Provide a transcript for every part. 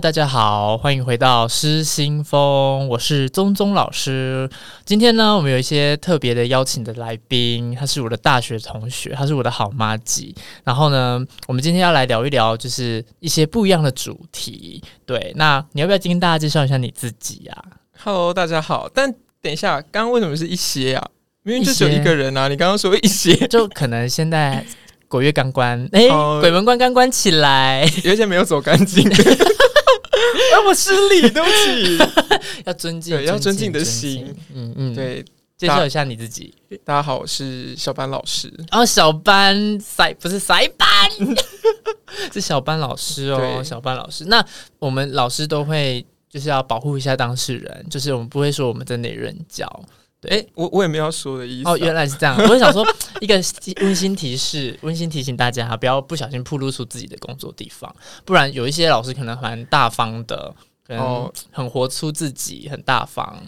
大家好，歡迎回到失心瘋。我是宗宗老師。今天呢，我們有一些特別的邀請的來賓，他是我的大學同學，他是我的好麻吉。然後呢，我們今天要來聊一聊，就是一些不一樣的主題。對，那你要不要先大家介紹一下你自己啊？Hello，大家好。但等一下，剛剛為什麼是一些啊？明明就只有一個人啊！你剛剛說一些，就可能現在鬼月剛關，哎、 欸，uh, 鬼門關剛關起來，有一些沒有走乾淨。那 麼、啊、失禮，對不起， 要尊敬，要尊敬,尊敬的心，嗯嗯，對，介紹一下你自己。大家好，我是小班老師。哦，小班塞不是塞班， 是小班老師哦，對小班老師。那我們老師都會就是要保護一下當事人，就是我們不會說我們在哪任教。誒，我我也沒有要說的意思、啊。哦，原來是這樣。我是想說一個溫馨提示，溫 馨提醒大家哈，不要不小心暴露出自己的工作地方，不然有一些老師可能很大方的，可能很活出自己，哦、很大方，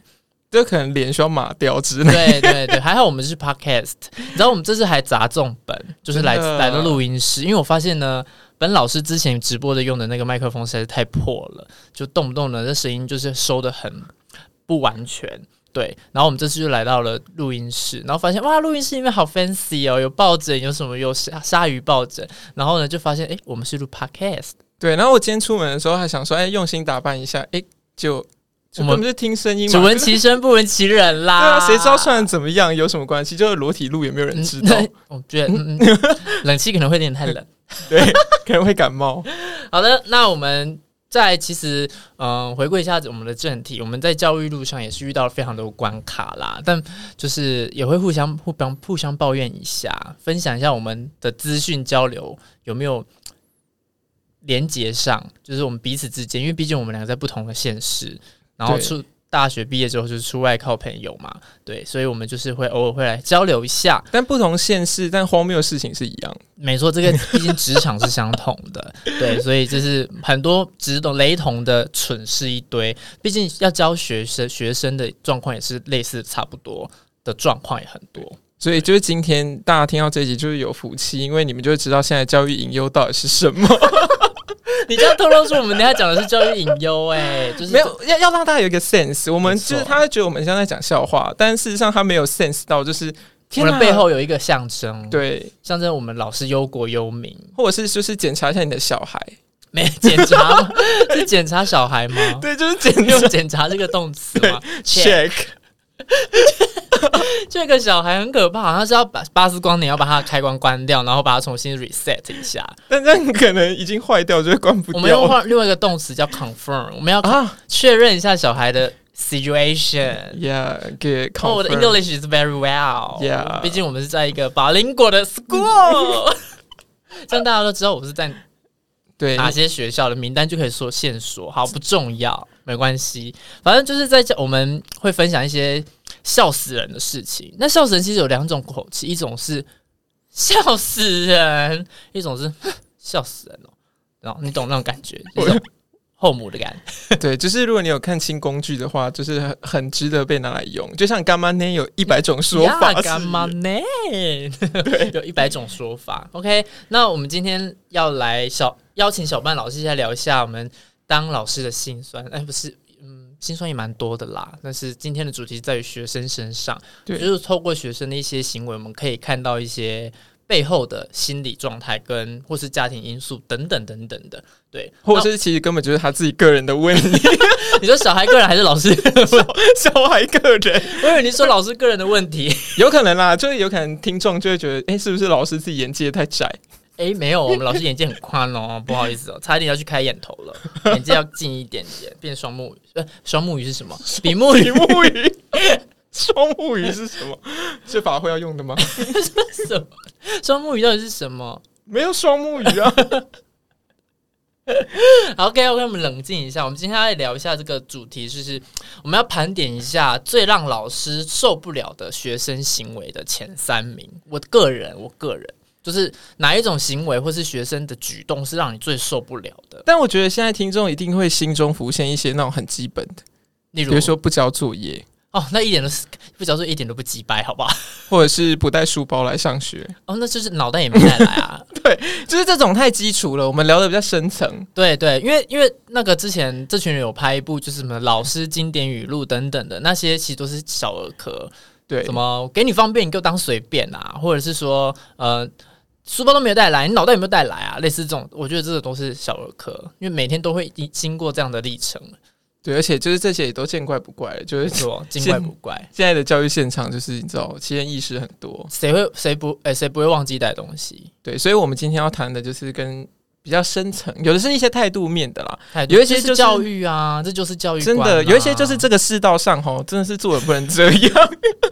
就可能臉需要碼掉之類。對對對，還好我們是 Podcast，然後我們這次還砸重本，就是來來到錄音室，因為我發現呢，本老師之前直播的用的那個麥克風實在是太破了，就動不動呢這聲音就是收得很不完全。對，然後我們這次就來到了錄音室，然後發現哇，錄音室裡面好 fancy 哦，有抱枕，有什麼有鯊鯊魚抱枕，然後呢就發現哎，我們是錄 podcast，對，然後我今天出門的時候還想說哎，用心打扮一下，哎，就我們不是聽聲音嗎，只聞其聲不聞其人啦， 對啊，誰知道算怎麼樣有什麼關係？就是裸體錄有沒有人知道，嗯、我覺得、嗯、 冷氣可能會有點太冷，對，可能會感冒。 好的，那我們。再其實，嗯，回歸一下我們的正題，我們在教育路上也是遇到了非常多的關卡啦，但就是也會互相互相互相抱怨一下，分享一下我們的資訊交流有沒有連接上，就是我們彼此之間，因為畢竟我們兩個在不同的現實，然後出。大學畢業之後就是出外靠朋友嘛，對，所以我們就是會偶爾會來交流一下，但不同縣市，但荒謬的事情是一樣，沒錯，這個畢竟職場是相同的， 對，所以就是很多只懂雷同的蠢事一堆，畢竟要教學生學生的狀況也是類似差不多的狀況也很多，所以就是今天大家聽到這一集就是有福氣，因為你們就知道現在教育隱憂到底是什麼。 你這樣透露出我們等下講的是教育隱憂哎，就是沒有要要讓大家有一個 sense，我們就是他覺得我們像在講笑話，但事實上他沒有 sense 到，就是、啊、我們背後有一個象徵，對，象徵我們老師憂國憂民，或者是就是檢查一下你的小孩，沒檢查 是檢查小孩嗎？對，就是檢 用檢查這個動詞嘛，check, Check.。 這個小孩很可怕，他是要把巴斯光年要把他的開關關掉，然後把它重新 reset 一下。但這樣可能已經壞掉，就是關不掉。我們要換另外一個動詞叫 confirm，我們要確、啊、認一下小孩的 situation。Yeah，get confirm。我的 English is very well。Yeah，畢竟我們是在一個保齡果的 school。像 大家都知道，我是在對哪些學校的名單就可以說線索。好，不重要。沒關係，反正就是在我們會分享一些笑死人的事情。那笑死人其實有兩種口氣，一種是笑死人，一種是笑死人哦、喔。然後你懂那種感覺，那種後母的感覺。對，就是如果你有看清宮劇的話，就是很，很值得被拿來用。就像乾媽呢，有一百種說法。乾媽呢，yeah, 有一百種說法。OK，那我們今天要來小邀請小半老師先來聊一下我們當老師的心酸，哎、欸，不是，嗯，心酸也蠻多的啦。但是今天的主題在於學生身上，對，就是透過學生的一些行為，我們可以看到一些背後的心理狀態跟或是家庭因素等等等等的，對，或是其實根本就是他自己個人的問題。 你說小孩個人還是老師的問題小？小孩個人，我以為你說老師個人的問題，有可能啦，就是有可能聽眾就會覺得，哎、欸，是不是老師自己眼界太窄？哎、欸，沒有，我們老師眼界很寬哦、喔，不好意思哦、喔，差一點要去開眼頭了， 眼界要近一點，點，變雙目，呃，雙目魚是什麼？比目魚，比目魚？雙 目魚是什麼？是法會要用的嗎？ 什麼？雙目魚到底是什麼？沒有雙目魚啊 好。OK，OK，、okay, okay, 我們冷靜一下，我們今天要來聊一下這個主題，就是我們要盤點一下最讓老師受不了的學生行為的前三名。我個人，我個人。就是哪一種行為或是學生的舉動是讓你最受不了的？但我覺得現在聽眾一定會心中浮現一些那種很基本的，例如，比如說不交作業哦，那一點都不交作業一點都不雞掰，好不好？或者是不帶書包來上學哦，那就是腦袋也沒帶來啊。 對，就是這種太基礎了。我們聊得比較深層， 對對，因為因為那個之前這群人有拍一部，就是什麼老師經典語錄等等的那些，其實都是小兒科。對，什麼給你方便你就當隨便啊，或者是說呃。書包都沒有帶來，你腦袋有沒有帶來啊？類似這種，我覺得這種都是小兒科，因為每天都會經過這樣的歷程。對，而且就是這些也都見怪不怪了，就是說見怪不怪現。現在的教育現場就是你知道，其實意識很多，誰會誰不哎，誰、欸、不會忘記帶東西？對，所以我們今天要談的就是跟比較深層，有的是一些態度面的啦、欸，有一些就是，是教育啊，這就是教育、啊，真的有一些就是這個世道上哈，真的是做人不能這樣。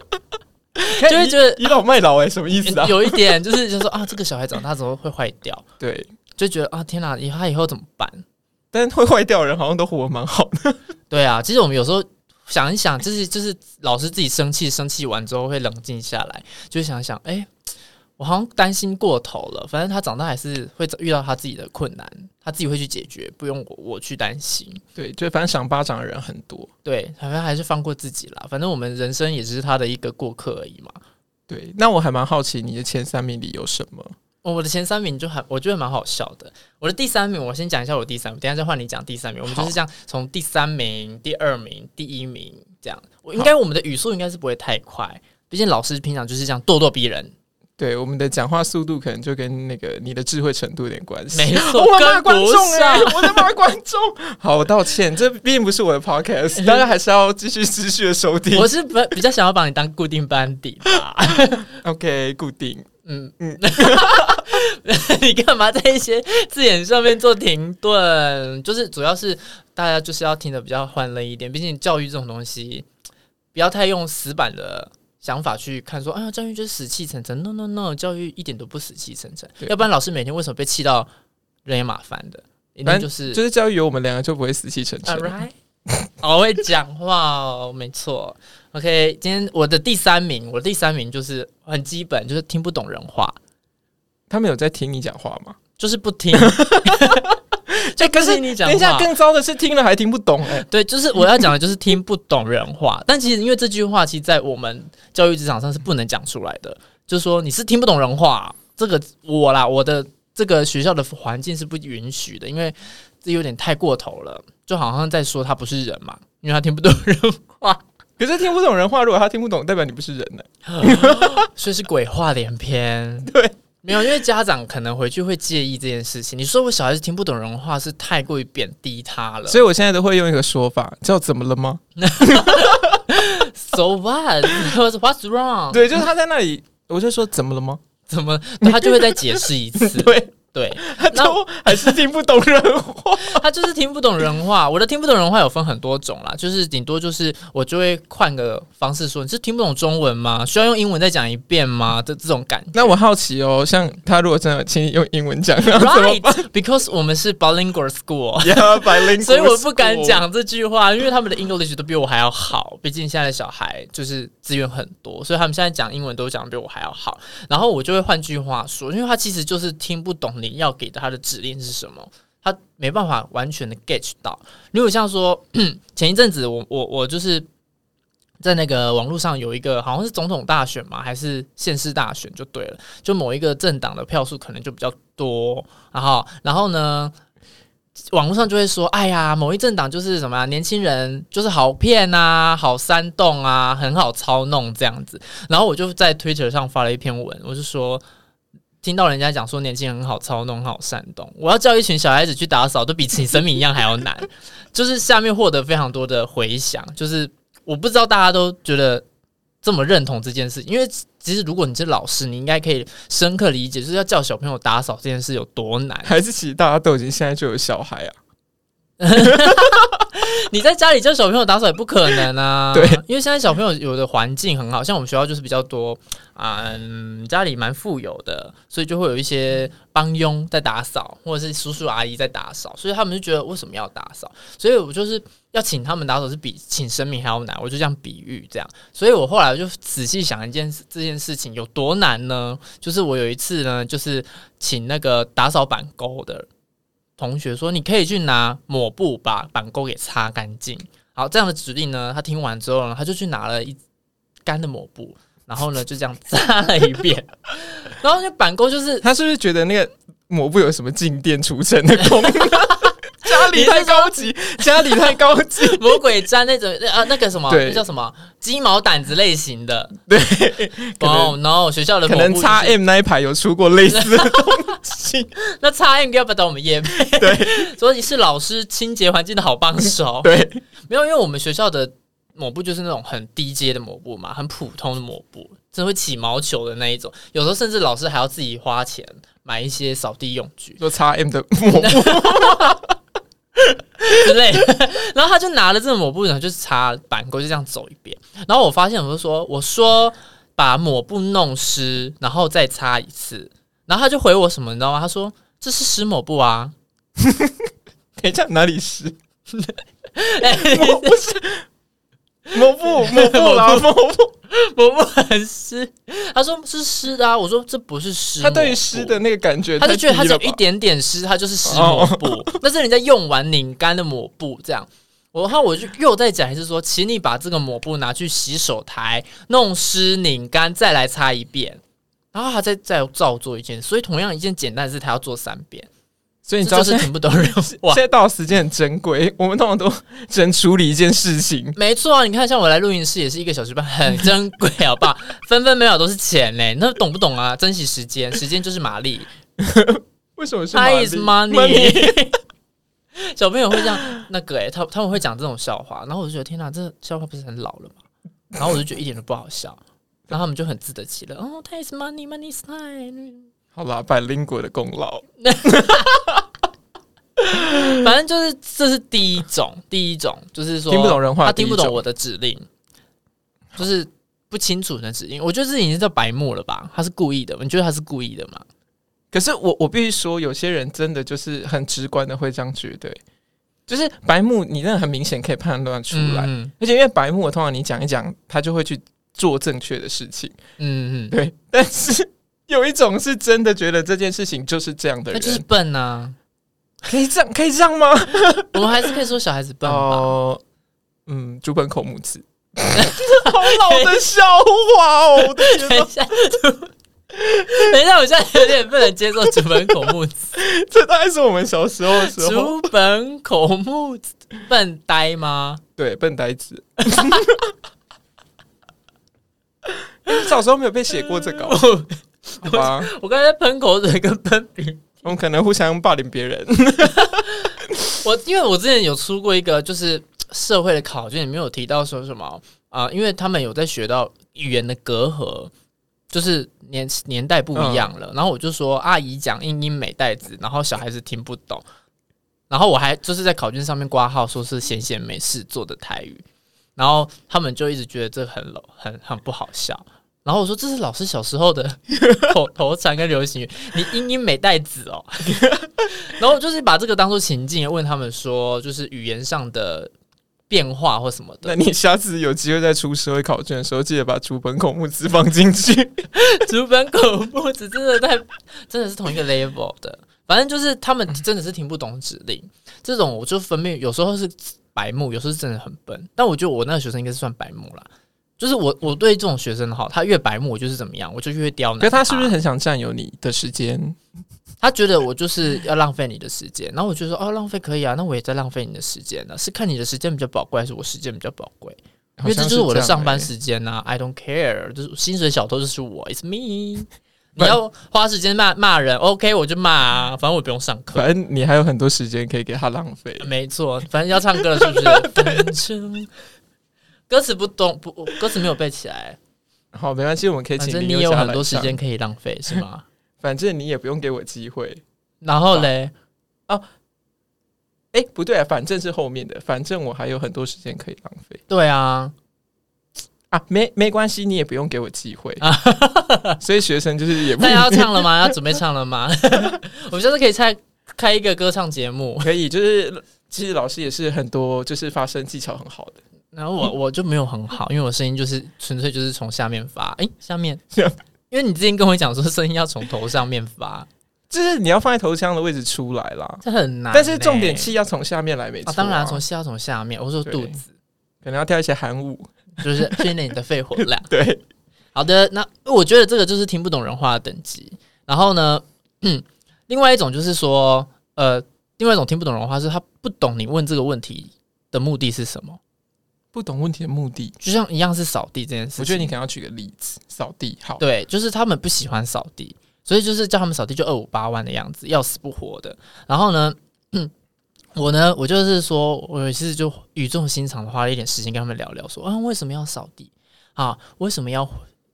就是覺得倚老賣老哎、欸啊，什麼意思啊？有一點就是,就是說，就 說啊，這個小孩長大之後會壞掉。對，就覺得啊，天哪、啊，他以後怎麼辦？但是會壞掉的人好像都活蠻好的。對啊，其實我們有時候想一想，就是就是老師自己生氣，生氣完之後會冷靜下來，就想一想，哎、欸，我好像擔心過頭了。反正他長大還是會遇到他自己的困難。他自己會去解決，不用我我去擔心。對，就反正想巴掌的人很多。對，反正還是放過自己啦。反正我們人生也只是他的一個過客而已嘛。對，那我還蠻好奇你的前三名裡有什麼？哦，我的前三名就還我覺得蠻好笑的。我的第三名，我先講一下我第三名，等一下再換你講第三名。我們就是這樣，從第三名、第二名、第一名這樣。我應該我們的語速應該是不會太快，畢竟老師平常就是這樣咄咄逼人。對我們的講話速度，可能就跟那個你的智慧程度有點關係。沒錯，我罵觀眾啊、欸、我在罵觀眾。好，我道歉，這並不是我的 podcast、嗯、大家還是要繼續繼續的收聽。我是比較想要把你當固定班底吧 OK，固定。嗯嗯。 你幹嘛在一些字眼上面做停頓？就是主要是大家就是要聽的比較歡樂一點。畢竟教育這種東西，不要太用死板的想法去看說，哎呀，教育就是死氣沉沉。No No No，教育一點都不死氣沉沉。要不然老師每天為什麼被氣到人仰馬翻？就是就是教育有我們兩個就不會死氣沉沉。Alright，我會講話、哦，沒錯。OK，今天我的第三名，我的第三名就是很基本，就是聽不懂人話。他們有在聽你講話嗎？就是不聽。 就可是你講，等一下更糟的是聽了還聽不懂哎。對，就是我要講的，就是聽不懂人話。但其實因為這句話，其實，在我們教育職場上是不能講出來的。就是說你是聽不懂人話，這個我啦，我的這個學校的環境是不允許的，因為這有點太過頭了，就好像在說他不是人嘛，因為他聽不懂人話。可是聽不懂人話，如果他聽不懂，代表你不是人呢？ 所以是鬼話連篇。對。沒有，因為家長可能回去會介意這件事情。你說我小孩子聽不懂人話是太過於貶低他了，所以我現在都會用一個說法叫“怎麼了嗎 ？”So what？What's wrong？對，就是他在那裡，我就說“怎麼了嗎？”怎麼他就會再解釋一次。 對。對，他都還是聽不懂人話，他就是聽不懂人話。我的聽不懂人話有分很多種啦，就是頂多就是我就會換個方式說，你是聽不懂中文嗎？需要用英文再講一遍嗎？這這種感覺。那我好奇哦，像他如果真的請你用英文講，然後怎麼辦？Right, because 我們是 bilingual school，yeah，bilingual school. 所以我不敢講這句話，因為他們的 English 都比我還要好。畢竟現在的小孩就是資源很多，所以他們現在講英文都講得比我還要好。然後我就會換句話說，因為他其實就是聽不懂。你要給他的指令是什麼？他沒辦法完全的 get 到。如果像說前一陣子我，我我我就是在那個網絡上有一個，好像是總統大選嘛，還是縣市大選就對了。就某一個政黨的票數可能就比較多，然後然後呢，網絡上就會說：“哎呀，某一政黨就是什麼啊，年輕人就是好騙啊，好煽動啊，很好操弄這樣子。”然後我就在推特上發了一篇文，我就說。聽到人家講說年輕人很好操弄，好，好煽動，我要叫一群小孩子去打掃都比請神明一樣還要難， 就是下面獲得非常多的回響，就是我不知道大家都覺得這麼認同這件事，因為其實如果你是老師，你應該可以深刻理解，就是要叫小朋友打掃這件事有多難，還是其實大家都已經現在就有小孩啊？ 你在家裡叫小朋友打掃也不可能啊！對，因為現在小朋友有的環境很好，像我們學校就是比較多啊、嗯，家裡蠻富有的，所以就會有一些幫傭在打掃，或者是叔叔阿姨在打掃，所以他們就覺得為什麼要打掃？所以我就是要請他們打掃是比請神明還要難，我就這樣比喻這樣。所以我後來我就仔細想一件事，這件事情有多難呢？就是我有一次呢，就是請那個打掃板溝的。同學說：“你可以去拿抹布把板溝給擦乾淨。”好，這樣的指令呢，他聽完之後呢，他就去拿了一乾的抹布，然後呢就這樣擦了一遍，然後那板溝就是他是不是覺得那個抹布有什麼靜電除塵的功能？ 家裡太高級，家裡太高級， 魔鬼粘那種呃、啊、那個什麼，那叫什麼雞毛掸子類型的，對，哦、oh, no，學校的可能叉 M 那一排有出過類似的東西，那叉 M 不要碰到我們煙，對，所以是老師清潔環境的好幫手，對，沒有，因為我們學校的抹布就是那種很低階的抹布嘛，很普通的抹布，只會起毛球的那一種，有時候甚至老師還要自己花錢買一些掃地用具，就叉 M 的抹布。 之 類 然後他就拿了這個抹布呢，然後就是擦板溝，就這樣走一遍。然後我發現，我就說：“我說把抹布弄濕，然後再擦一次。”然後他就回我什麼，你知道嗎？他說：“這是濕抹布啊，等一下哪裡濕、 欸？”我我是。 抹布，抹布啦，抹布，抹布很濕。他說是濕的啊，我說這不是濕。他對濕的那個感覺，他就覺得他有一點點濕，他就是濕抹布。那、oh. 是人家用完擰乾的抹布，這樣。然後我就又在講，還是說，請你把這個抹布拿去洗手台，弄濕、擰乾，再來擦一遍。然後他再再照做一遍，所以同樣一件簡單的事，他要做三遍。所以你知道是聽不懂人現。現在到時間很珍貴，我們通常都只能處理一件事情。沒錯啊，你看，像我來錄音室也是一個小時半，很珍貴好不好？分分秒秒都是錢嘞、欸，那懂不懂啊？珍惜時間，時間就是馬力。為什麼是？Time is money, money。 小朋友會這樣那個誒、欸，他他們會講這種笑話，然後我就覺得天吶、啊，這笑話不是很老了嗎？然後我就覺得一點都不好笑，然後他們就很自得其樂。哦、oh,，Time is money，money money is time。啦，百靈鬼的功勞。 反正就是，這是第一種，第一種就是說聽不懂人話，他聽不懂我的指令，就是不清楚的指令。我覺得這已經叫白目了吧？他是故意的，你覺得他是故意的嗎？可是我，我必須說，有些人真的就是很直觀的會這樣覺得，就是白目，你那很明顯可以判斷出來嗯嗯。而且因為白目，通常你講一講，他就會去做正確的事情。嗯嗯，對。但是。 有一種是真的覺得這件事情就是這樣的人，就是笨吶、啊。可以這樣，可以這樣嗎？ 我們還是可以說小孩子笨吧。哦、呃，嗯，竹本口木子， 好老的笑話哦！啊、等一下，等一下，我現在有點不能接受竹本口木子。 這大概是我們小時候的時候，竹本口木子笨呆嗎？對，笨呆子。 小時候沒有被寫過這稿 我剛才噴口水跟噴鼻，我們可能互相霸凌別人 我。我因為我之前有出過一個就是社會的考卷，裡面有提到說什麼啊、呃？因為他們有在學到語言的隔閡，就是年年代不一樣了。嗯、然後我就說阿姨講英英美代子，然後小孩子聽不懂。然後我還就是在考卷上面括號，說是閒閒沒事做的台語。然後他們就一直覺得這很很很不好笑。然後我說：“這是老師小時候的口頭禪跟流行語， 你英英沒帶子哦。 ”然後就是把這個當做情境問他們說：“就是語言上的變化或什麼的。”那你下次有機會再出社會考卷的時候，記得把竹本口木子放進去。 竹本口木子真的在真的是同一個 level 的，反正就是他們真的是聽不懂指令。這種我就分辨有時候是白目，有時候真的很笨。但我覺得我那個學生應該是算白目啦。就是我，我對這種學生哈，他越白目，我就是怎麼樣，我就越刁難。可是他是不是很想占有你的時間？他覺得我就是要浪費你的時間，然後我就說哦，浪費可以啊，那我也在浪費你的時間呢。是看你的時間比較寶貴，還是我時間比較寶貴？因為這就是我的上班時間呐，啊，欸，I don't care，就是薪水小偷就是我，it's me。你要花時間罵罵人，OK，我就罵，反正我不用上課，反正你還有很多時間可以給他浪費。沒錯，反正要唱歌了是不是？ 反正笑歌詞不懂，不歌詞沒有背起來。好，沒關係，我們可以請你。反正你有很多時間可以浪費，是嗎？反正你也不用給我機會。然後嘞，哦、啊，哎、欸，不對、啊，反正是後面的。反正我還有很多時間可以浪費。對啊，啊，沒沒關係，你也不用給我機會啊。 所以學生就是也不。那要唱了嗎？要準備唱了嗎？ 我們就是可以開開一個歌唱節目，可以就是其實老師也是很多就是發聲技巧很好的。然後我我就沒有很好，因為我聲音就是純粹就是從下面發，哎、欸，下面，因為你之前跟我講說聲音要從頭上面發，就是你要放在頭腔的位置出來啦，這很難，欸。但是重點氣要從下面來沒，啊，沒、啊、錯。當然，啊，從氣要從下面，我說肚子，可能要跳一些韓舞，就是訓練你的肺活量。 對，好的。那我覺得這個就是聽不懂人話的等級。然後呢，嗯，另外一種就是說，呃，另外一種聽不懂人話是他不懂你問這個問題的目的是什麼。不懂問題的目的，就像一樣是掃地這件事。我覺得你可能要舉個例子，掃地。好，對，就是他們不喜歡掃地，所以就是叫他們掃地就二五八萬的樣子，要死不活的。然後呢，嗯、我呢，我就是說，我有一次就語重心長的花了一點時間跟他們聊聊說，說、嗯、啊，為什麼要掃地啊？為什麼要？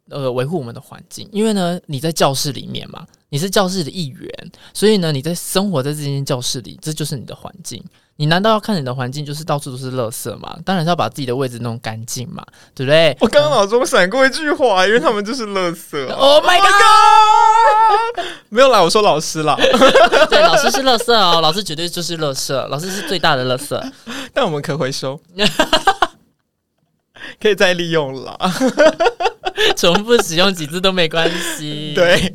呃，維護我們的環境，因為呢，你在教室裡面嘛，你是教室的一員，所以呢，你在生活在這間教室裡，這就是你的環境。你難道要看你的環境就是到處都是垃圾嗎？當然是要把自己的位置弄乾淨嘛，對不對？我剛剛腦中閃過一句話，嗯，因為他們就是垃圾、喔。Oh my god！Oh my god！ 沒有啦，我說老師啦， 對，老師是垃圾哦、喔，老師絕對就是垃圾，老師是最大的垃圾。但我們可回收。 可以再利用了，重複使用幾次都沒關係。對，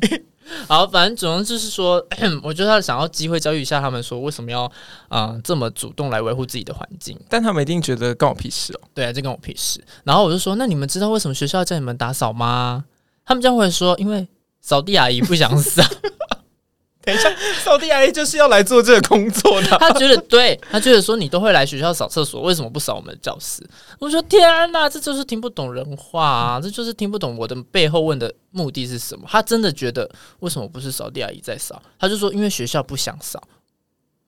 好，反正主要就是說，我就要想要機會教育一下他們，說為什麼要啊、呃、這麼主動來維護自己的環境，但他們一定覺得關我屁事哦。對啊，這關我屁事。然後我就說，那你們知道為什麼學校要叫你們打掃嗎？他們將會說，因為掃地阿姨不想掃。 等一下，掃地阿姨就是要來做這個工作的。他覺得對，對他覺得說，你都會來學校掃廁所，為什麼不掃我們的教室？我說，天吶，啊，這就是聽不懂人話啊，這就是聽不懂我的背後問的目的是什麼？他真的覺得，為什麼不是掃地阿姨在掃？他就說，因為學校不想掃。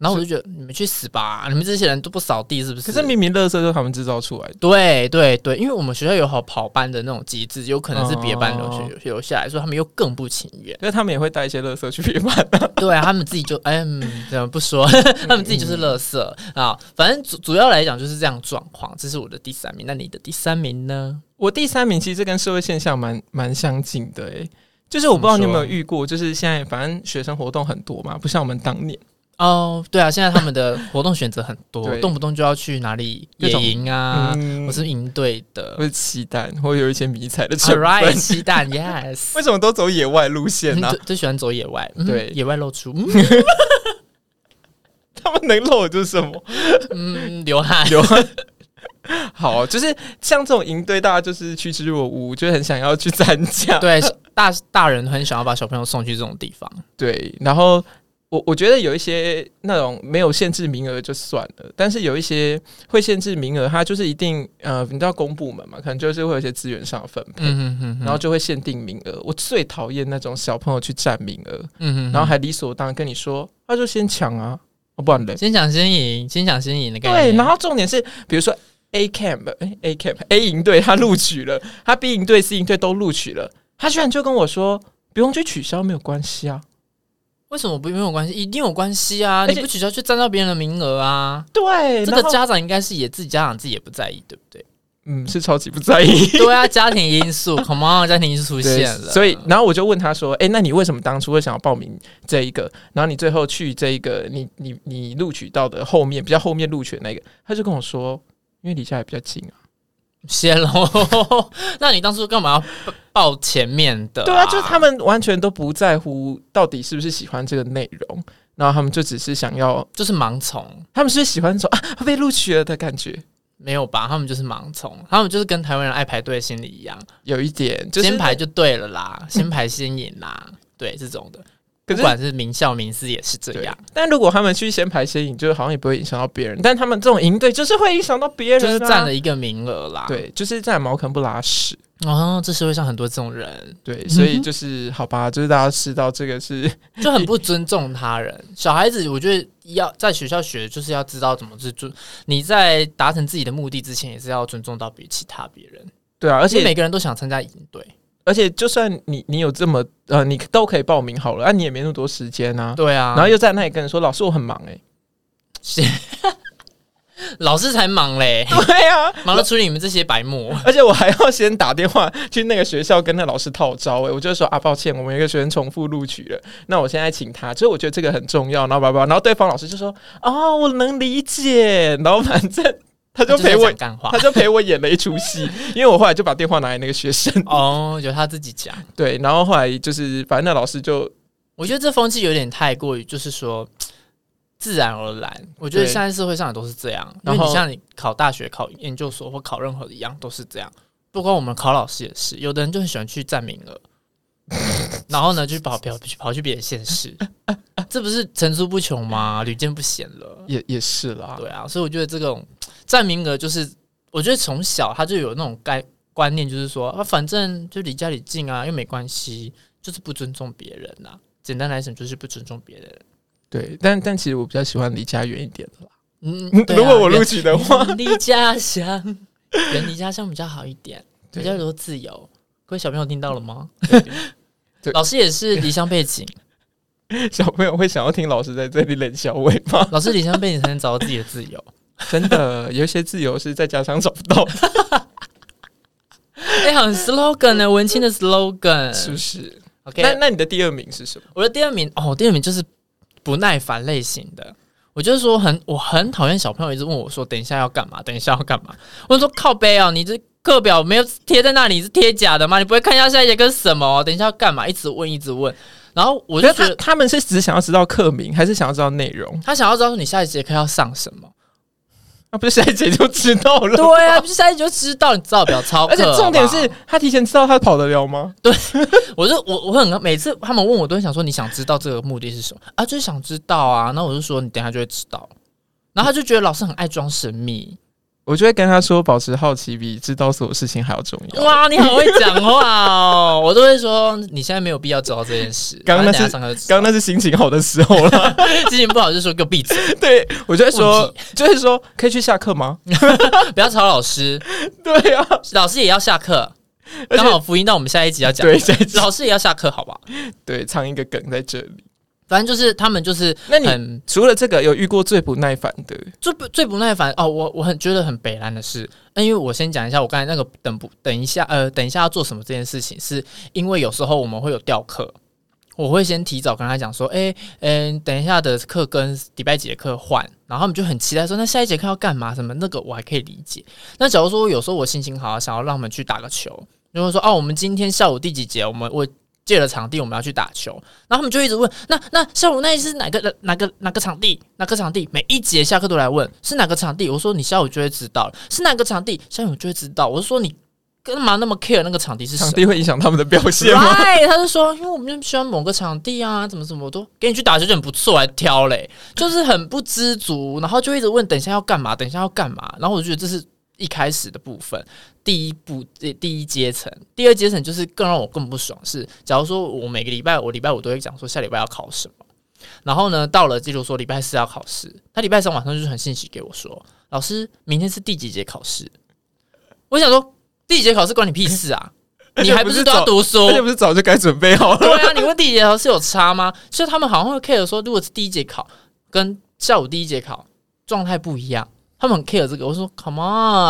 然後我就覺得，就你們去死吧！你們這些人都不掃地是不是？可是明明垃圾就他們製造出來的對，對對對，因為我們學校有好跑班的那種機制，有可能是別班留學留、哦、下來說，所以他們又更不情願，因為他們也會帶一些垃圾去別班、啊。對啊，他們自己就 哎，怎、嗯、麼不說？他們自己就是垃圾啊！反正主主要來講就是這樣狀況。這是我的第三名，那你的第三名呢？我第三名其實跟社會現象蠻蠻相近的、欸，就是我不知道你有沒有遇過，就是現在反正學生活動很多嘛，不像我們當年。哦、oh，對啊，現在他們的活動選擇很多， 動不動就要去哪裡野營啊，或、嗯、是營隊的，或是騎蛋，或有一些迷彩的 Alright，騎蛋 ，yes。為什麼都走野外路線呢、啊？最、嗯、喜歡走野外，對，嗯、野外露出。 他們能露就是什麼？ 嗯，流汗，流汗。 好，就是像這種營隊，大家就是趨之若鶩，就很想要去參加。 對，大大人很想要把小朋友送去這種地方。對，然後。我我覺得有一些那種沒有限制名額就算了，但是有一些會限制名額，他就是一定呃，你知道公部門嘛，可能就是會有一些資源上的分配、嗯哼哼哼，然後就會限定名額。我最討厭那種小朋友去占名額、嗯，然後還理所當然跟你說，那就先搶啊、哦，不然的，先搶先贏，先搶先贏的感覺。對，然後重點是，比如說 Acamp, Acamp, A camp 哎，A camp A 營隊他錄取了，他 B 營隊、C 營隊都錄取了，他居然就跟我說不用去取消，沒有關係啊。為什麼不沒有關係？一定有關係啊！你不取消就占到別人的名額啊！對，真、這個家長應該是也自己家長自己也不在意，對不對？嗯，是超級不在意。對啊，家庭因素，好嘛，家庭因素出現了。所以，然後我就問他說：“哎、欸，那你為什麼當初會想要報名這一個？然後你最後去這一個，你你你錄取到的後面比較後面錄取的那個？”他就跟我說：“因為離家還比較近啊。”先嘍， 那你當初幹嘛要報前面的？啊？對啊，就是他們完全都不在乎到底是不是喜歡這個內容，然後他們就只是想要，就是盲從。他們是，是喜歡從啊被錄取了的感覺？沒有吧，他們就是盲從，他們就是跟台灣人愛排隊心理一樣，有一點就是，先排就對了啦，先排先贏啦，嗯、對這種的。不管是名校名師也是這樣，但如果他們去先排先贏，就是好像也不會影響到別人。但他們這種營隊就是會影響到別人，啊，就是占了一個名額啦。對，就是佔茅坑不拉屎哦。這社會上很多這種人，對，所以就是，嗯，好吧，就是大家知道這個是就很不尊重他人。小孩子我覺得要在學校學，就是要知道怎麼是尊。你在達成自己的目的之前，也是要尊重到比其他別人。對啊，而且每個人都想參加營隊。而且就算你你有這麼呃，你都可以報名好了，啊，你也沒那麼多時間啊。對啊，然後又在那裡跟人說，老師我很忙哎，欸，是， 老師才忙嘞，對呀，啊，忙得出你們這些白目。 而且我還要先打電話去那個學校跟那老師套招哎，欸，我就說啊抱歉，我們一個學生重複錄取了，那我現在請他，所以我覺得這個很重要，然後叭叭，然後對方老師就說啊，哦，我能理解，然後反正。他就陪我，他就講話，他就陪我演了一齣戲， 因為我後來就把電話拿給那個學生哦，由他自己講，對，然後後來就是反正那老師就，我覺得這風氣有點太過於就是說自然而然，我覺得現在社會上也都是這樣，然後你像你考大學、考研究所或考任何的一樣都是這樣，不光我們考老師也是，有的人就很喜歡去佔名額， 然後呢就跑票，去跑，跑去別的縣市，這不是層出不窮嗎？屢見不鮮了，也也是啦。對啊，所以我覺得這種。占名額就是，我覺得從小他就有那種概觀念，就是說，反正就離家裡近啊，又沒關係，就是不尊重別人吶、啊。簡單來講，就是不尊重別人。對，但但其實我比較喜歡離家遠一點的啦。嗯、啊，如果我錄取的話，離家鄉，遠 離家鄉比較好一點，比較多自由。各位小朋友聽到了嗎？ 對對對，老師也是離鄉背景， 小朋友會想要聽老師在這裡冷笑喂，嗎？ 老師離鄉背景才能找到自己的自由。真的，有一些自由是在家鄉找不到。哎 呀、欸、很 slogan 呢、欸？文青的 slogan 是不是？Okay, 那那你的第二名是什麼？我的第二名哦，第二名就是不耐煩類型的。我就是說很，很我很討厭小朋友一直問我說：“等一下要幹嘛？等一下要幹嘛？”我就說：“靠背哦、啊，你這課表沒有貼在那裡，是貼假的嗎？你不會看一下下一節課是什麼？等一下要幹嘛？一直問，一直問。”然後我就覺得他，他們是只想要知道課名，還是想要知道內容？他想要知道你下一節課要上什麼。啊、不是下一節就知道了，對啊，不是下一節就知道，你知道，不要抄，而且重點是他提前知道他跑得了嗎？對，我就我我很每次他們問我，都會想說，你想知道這個目的是什麼啊？就是想知道啊。那我就說，你等下就會知道，然後他就覺得老師很愛裝神秘。我就會跟他說，保持好奇比知道所有事情還要重要。哇，你好會講話哦！ 我都會說，你現在沒有必要知道這件事。剛剛那是剛剛那是心情好的時候了。 心情不好就說給我閉嘴。對，我就會說，就會說，可以去下課嗎？ 不要吵老師。 對啊，老師也要下課，剛好福音到我們下一集要講。對，下一集，老師也要下課，好吧？對，藏一個梗在這裡。反正就是他們就是很，那你除了這個有遇過最不耐煩的？最不最不耐煩哦，我我很覺得很北爛的事。那因為我先講一下，我剛才那個等不等一下，呃，等一下要做什麼這件事情，是因為有時候我們會有調課，我會先提早跟他講說，哎、欸，嗯、欸，等一下的課跟禮拜幾的課換，然後他們就很期待說，那下一節課要幹嘛？什麼那個我還可以理解。那假如說有時候我心情好，想要讓他們去打個球，如果說哦，我們今天下午第幾節，我們我。借了場地，我們要去打球，然後他們就一直問，那那下午那一次哪個哪，哪個哪個場地，哪個場地，每一節下課都來問是哪個場地。我說你下午就會知道了是哪個場地，下午就會知道。我說你幹嘛那麼 care 那個場地是什麼場地會影響他們的表現嗎？Right, 他就說，因為我們就喜歡某個場地啊，怎麼怎麼我都給你去打球，就很不錯，還挑嘞，就是很不知足，然後就一直問，等一下要幹嘛，等一下要幹嘛，然後我就覺得這是。一開始的部分，第一步，第第一階層，第二階層就是更讓我更不爽是，假如說我每個禮拜，我禮拜五都會講說下禮拜要考什麼，然後呢，到了，比如說禮拜四要考試，他禮拜三晚上就很信息給我說，老師明天是第幾節考試？我想說，第幾節考試關你屁事啊，欸、你還不是都要讀書，那不是早就該準備好了？ 對啊，你問第幾節考試有差嗎？所以他們好像會 care 說，如果是第一節考，跟下午第一節考狀態不一樣。他們 care 這個，我說 come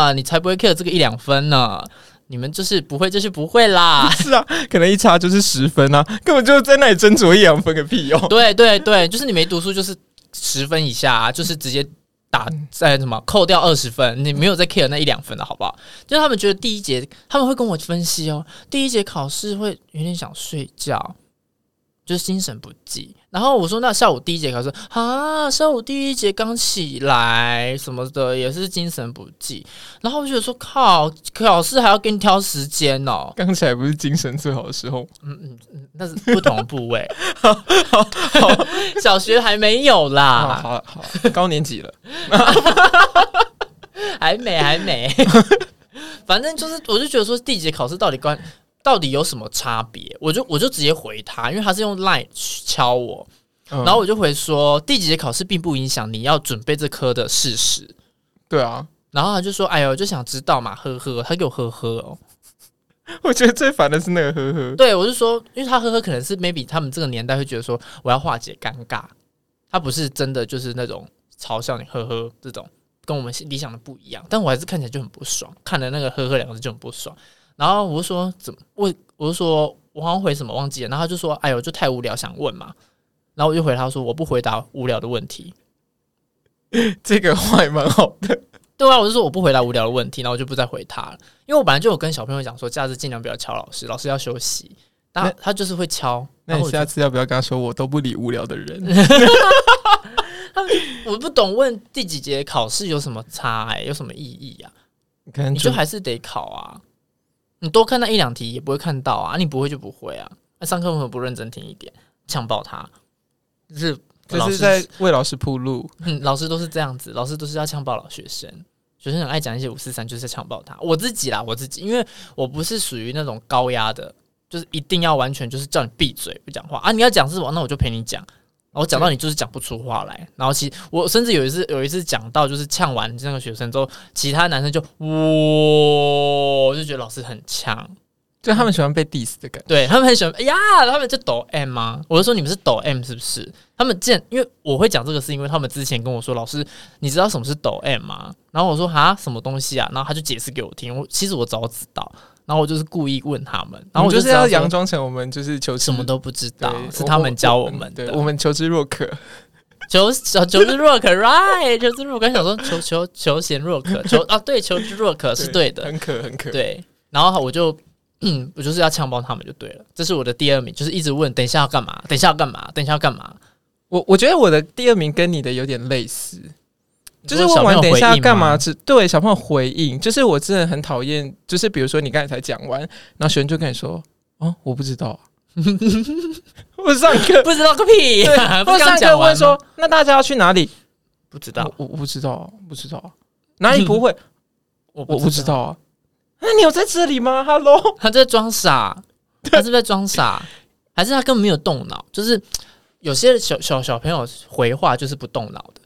on，你才不會 care 這個一兩分呢！你們就是不會，就是不會啦。是啊，可能一差就是十分啊，根本就在那裡斟酌一兩分個屁哦。對對對，就是你沒讀書，就是十分以下啊，就是直接打在什麼扣掉二十分，你沒有再 care 那一兩分了，好不好？就是他們覺得第一節他們會跟我分析哦，第一節考試會有點想睡覺，就是精神不濟。然後我說，那下午第一節考試啊，下午第一節剛起來什麼的，也是精神不濟。然後我就說，靠，考試還要給你挑時間哦。剛起來不是精神最好的時候。嗯嗯，那是不同部位。 好好好 小學還沒有啦。好好，好，好，高年級了， 還沒，還沒。反正就是，我就覺得說，第一節考試到底關？到底有什麼差別？我就我就直接回他，因為他是用 line 去敲我，然後我就回說，嗯、第幾節考試並不影響你要準備這科的事實。對啊，然後他就說，哎呦，我就想知道嘛，呵呵，他給我呵呵哦。我覺得最煩的是那個呵呵，對，我就說，因為他呵呵可能是 maybe 他們這個年代會覺得說我要化解尷尬，他不是真的就是那種嘲笑你呵呵這種，跟我們理想的不一樣。但我還是看起來就很不爽，看了那個呵呵兩個字就很不爽。然後我就說，怎麼問？我，我就說我好像回什麼忘記了。然後他就說：“哎呦，就太無聊，想問嘛。”然後我就回他說：“我不回答無聊的問題。”這個話也蠻好的。對啊，我就說我不回答無聊的問題，然後我就不再回他了。因為我本來就有跟小朋友講說，下次盡量不要敲老師，老師要休息。他那他就是會敲。那你下次要不要跟他說，我都不理無聊的人？ 他我不懂問第幾節考試有什麼差，哎，有什麼意義呀，啊？你看，你就還是得考啊。你多看那一兩題也不會看到啊，你不會就不會啊。那上課為什麼不認真聽一點？嗆爆他，就是老師是在為老師鋪路、嗯。老師都是這樣子，老師都是要嗆爆老學生。學生很愛講一些五四三，就是嗆爆他。我自己啦，我自己，因為我不是屬於那種高壓的，就是一定要完全就是叫你閉嘴不講話啊。你要講是什麼，那我就陪你講。然後講到你就是講不出話來，然後其實我甚至有一次，有一次講到就是嗆完那個學生之後，其他男生就哇，就覺得老師很嗆，就他們喜歡被 diss 的感覺，對他們很喜歡。哎呀，他們就抖 M 嗎、啊？我就說你們是抖 M 是不是？他們見，因為我會講這個是因為他們之前跟我說老師，你知道什麼是抖 M 嗎、啊？然後我說哈什麼東西啊？然後他就解釋給我聽，我其實我早就知道。然後我就是故意問他們，然後我就、嗯，就是要佯裝成我們就是求什麼都不知道，是他們教我們，我我們對，我們求知若渴，求求求知若渴，right， 求知若渴，想說求求求賢若渴，求啊對，求知若渴是對的，對很渴很渴。對。然後我就嗯，我就是要嗆爆他們就對了，這是我的第二名，就是一直問，等一下要幹嘛？等一下要幹嘛？等一下要幹嘛？我我覺得我的第二名跟你的有點類似。就是問完等一下幹嘛？只對小朋友回應。就是我真的很討厭，就是比如說你剛才才講完，然後學生就跟你說：“哦、啊，我不知道。 我”我上課不知道個屁。我上課問說：“那大家要去哪裡？”不知道，我,我不知道，不知道哪裡不會。嗯、我不我不知道啊。那、啊、你有在這裡嗎哈嘍，Hello? 他在裝傻。他是不是在裝傻？ 還是他根本沒有動腦？就是有些小小小朋友回話就是不動腦的。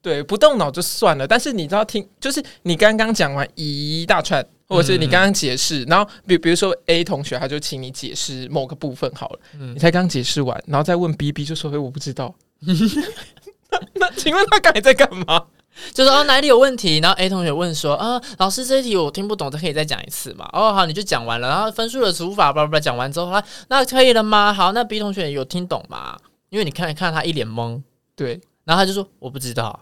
對，不動腦就算了。但是你知道聽，聽就是你剛剛講完一大串，或者是你剛剛解釋，嗯、然後比比如說 A 同學，他就請你解釋某個部分好了。嗯、你才剛解釋完，然後再問 B B 就說：“哎，我不知道。 那”那那請問他剛才在幹嘛？就說啊、哦、哪裡有問題？然後 A 同學問說：“啊、哦，老師，這一題我聽不懂，可以再講一次嘛。哦，好，你就講完了。然後分數的除法，叭叭叭講完之後，那、啊、那可以了嗎？好，那 B 同學有聽懂嗎？因為你看一看他一臉懵，對，然後他就說：“我不知道。”